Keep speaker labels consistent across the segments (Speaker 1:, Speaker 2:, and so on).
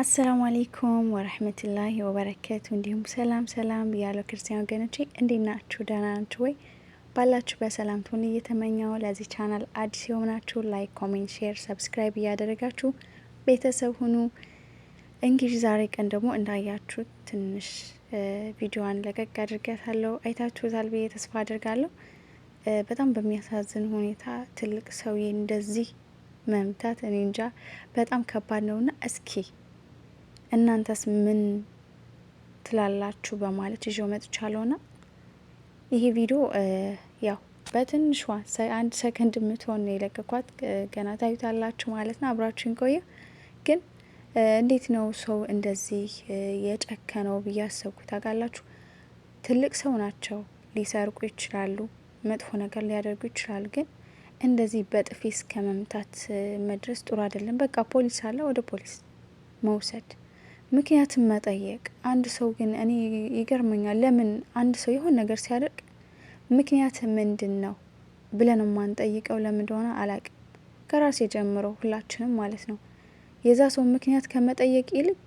Speaker 1: አሰላሙ አሌይኩም ወረህመቱላሂ ወበረከቱ። እንዲሁም ሰላም ሰላም ያለው ክርስቲያን ወገኖቼ እንዴት ናችሁ? ደህና ናችሁ ወይ? ባላችሁ በሰላም ትሁን እየተመኘው ለዚህ ቻናል አዲስ የሆናችሁ ላይክ፣ ኮሜንት፣ ሼር፣ ሰብስክራይብ እያደረጋችሁ ቤተሰብ ሁኑ። እንግዲህ ዛሬ ቀን ደግሞ እንዳያችሁ ትንሽ ቪዲዮዋን ለቀቅ አድርጌያታለሁ። አይታችሁታል ብዬ ተስፋ አድርጋለሁ። በጣም በሚያሳዝን ሁኔታ ትልቅ ሰውዬ እንደዚህ መምታት እኔ እንጃ በጣም ከባድ ነውና እስኪ እናንተስ ምን ትላላችሁ በማለት ይዤ መጥቻለሁና ይሄ ቪዲዮ ያው በትንሿ አንድ ሰከንድ የምትሆን ነው የለቀኳት። ገና ታዩታላችሁ ማለት ነው። አብራችሁን ቆዩ ግን እንዴት ነው ሰው እንደዚህ የጨከነው ብዬ አሰብኩ። ታውቃላችሁ፣ ትልቅ ሰው ናቸው፣ ሊሰርቁ ይችላሉ፣ መጥፎ ነገር ሊያደርጉ ይችላሉ። ግን እንደዚህ በጥፊ እስከ መምታት መድረስ ጥሩ አይደለም። በቃ ፖሊስ አለ፣ ወደ ፖሊስ መውሰድ፣ ምክንያትም መጠየቅ። አንድ ሰው ግን እኔ ይገርመኛል፣ ለምን አንድ ሰው የሆነ ነገር ሲያደርግ ምክንያት ምንድን ነው ብለን የማንጠይቀው ለምን እንደሆነ አላቅም። ከራሴ ጀምሮ ሁላችንም ማለት ነው። የዛ ሰው ምክንያት ከመጠየቅ ይልቅ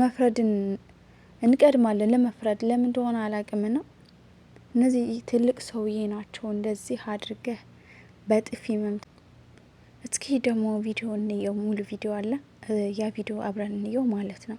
Speaker 1: መፍረድን እንቀድማለን። ለመፍረድ ለምን እንደሆነ አላቅም ና እነዚህ ትልቅ ሰውዬ ናቸው። እንደዚህ አድርገህ በጥፊ መምት። እስኪ ደግሞ ቪዲዮ እንየው፣ ሙሉ ቪዲዮ አለ። ያ ቪዲዮ አብረን እንየው ማለት ነው።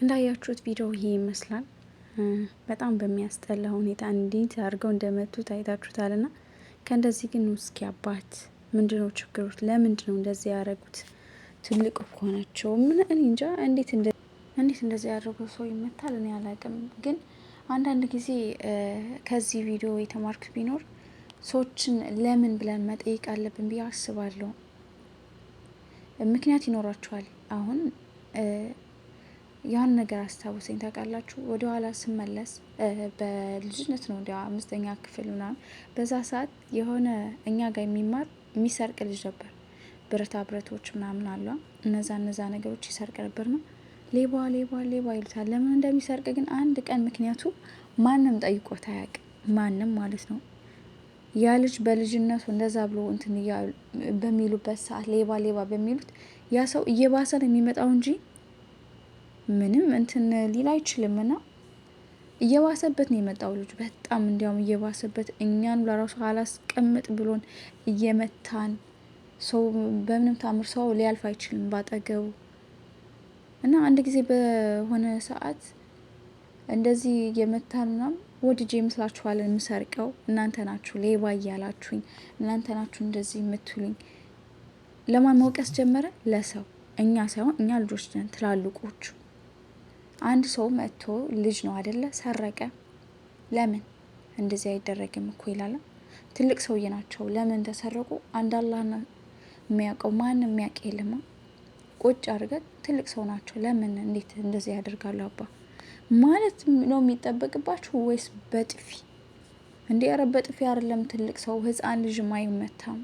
Speaker 1: እንዳያችሁት ቪዲዮ ይሄ ይመስላል። በጣም በሚያስጠላ ሁኔታ እንዴት አድርገው እንደመቱት አይታችሁታል። ና ከእንደዚህ ግን ውስኪ አባት ምንድነው ችግሮች? ለምንድ ነው እንደዚህ ያደረጉት? ትልቅ እኮ ናቸው። ምን እኔ እንጃ እንዴት እንዴት እንደዚህ ያደረገው ሰው ይመታል? እኔ አላቅም። ግን አንዳንድ ጊዜ ከዚህ ቪዲዮ የተማርኩት ቢኖር ሰዎችን ለምን ብለን መጠየቅ አለብን ብዬ አስባለሁ። ምክንያት ይኖራቸዋል አሁን ያን ነገር አስታውሰኝ ታውቃላችሁ። ወደ ኋላ ስመለስ በልጅነት ነው እንዲያ አምስተኛ ክፍል ምናምን፣ በዛ ሰዓት የሆነ እኛ ጋር የሚማር የሚሰርቅ ልጅ ነበር። ብረታ ብረቶች ምናምን አሏ፣ እነዛ እነዛ ነገሮች ይሰርቅ ነበር ነው ሌባ ሌባ ሌባ ይሉታል። ለምን እንደሚሰርቅ ግን አንድ ቀን ምክንያቱ ማንም ጠይቆት አያውቅም። ማንም ማለት ነው። ያ ልጅ በልጅነቱ እንደዛ ብሎ እንትን በሚሉበት ሰዓት ሌባ ሌባ በሚሉት ያ ሰው እየባሰ ነው የሚመጣው እንጂ ምንም እንትን ሊል አይችልም ና እየባሰበት ነው የመጣው ልጅ በጣም እንዲያውም እየባሰበት እኛን ለራሱ አላስቀምጥ ብሎን እየመታን ሰው በምንም ታምር ሰው ሊያልፍ አይችልም ባጠገቡ እና አንድ ጊዜ በሆነ ሰዓት እንደዚህ የመታንናም ምናምን ወድጄ ይመስላችኋለን የምሰርቀው እናንተ ናችሁ ሌባ እያላችሁኝ እናንተ ናችሁ እንደዚህ የምትሉኝ ለማን መውቀስ ጀመረ ለሰው እኛ ሳይሆን እኛ ልጆች ነን ትላልቆቹ አንድ ሰው መጥቶ ልጅ ነው አደለ ሰረቀ፣ ለምን እንደዚህ አይደረግም እኮ ይላል። ትልቅ ሰውዬ ናቸው። ለምን ተሰረቁ? አንድ አላህን የሚያውቀው ማን የሚያውቅ የለማ። ቁጭ አድርገን ትልቅ ሰው ናቸው። ለምን እንዴት እንደዚህ ያደርጋሉ አባ ማለት ነው የሚጠበቅባችሁ ወይስ በጥፊ እንዴ? ኧረ በጥፊ አይደለም። ትልቅ ሰው ህፃን ልጅ አይመታም።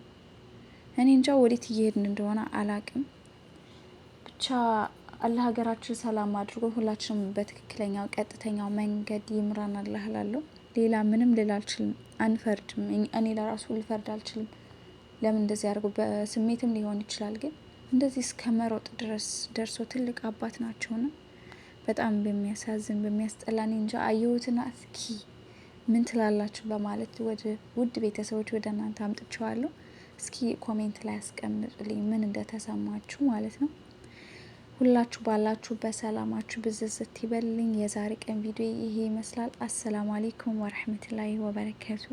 Speaker 1: እኔ እንጃ ወዴት እየሄድን እንደሆነ አላቅም ብቻ አላህ ሀገራችን ሰላም አድርጎ ሁላችንም በትክክለኛው ቀጥተኛው መንገድ ይምራን። አላህ ላለሁ ሌላ ምንም ልል አልችልም። አንፈርድም። እኔ ለራሱ ልፈርድ አልችልም። ለምን እንደዚህ አድርጎ በስሜትም ሊሆን ይችላል። ግን እንደዚህ እስከ መሮጥ ድረስ ደርሶ ትልቅ አባት ናቸውና በጣም በሚያሳዝን በሚያስጠላን እኔ እንጃ አየሁትና እስኪ ምን ትላላችሁ በማለት ወደ ውድ ቤተሰቦች ወደ እናንተ አምጥቼዋለሁ። እስኪ ኮሜንት ላይ አስቀምጡልኝ ምን እንደተሰማችሁ ማለት ነው። ሁላችሁ ባላችሁ በሰላማችሁ ብዝዝት ይበልኝ። የዛሬ ቀን ቪዲዮ ይሄ ይመስላል። አሰላሙ አሌይኩም ወረህመቱላሂ ወበረከቱ።